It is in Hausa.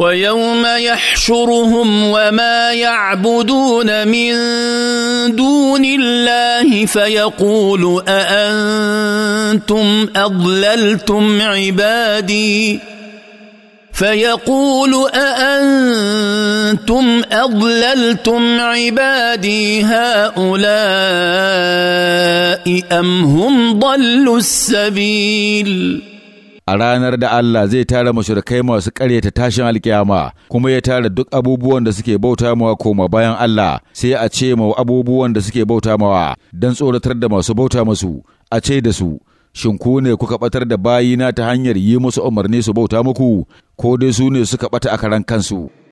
ويوم يحشرهم وما يعبدون من دون الله فيقول أأنتم أضللتم عبادي فيقول أأنتم أضللتم عبادي هؤلاء أم هم ضلوا السبيل a ranar da Allah zai tara mashirkai masu ƙaryata tashin alkiyama kuma ya tara duk abubuwan da suke bauta mawa koma bayan Allah sai a ce ma abubuwan da suke bauta mawa don tsoratar da masu bauta masu a ce da su shin ku ne kuka batar da bayina ta hanyar yi musu umarni su bauta muku ko dai su ne suka bata a karan kansu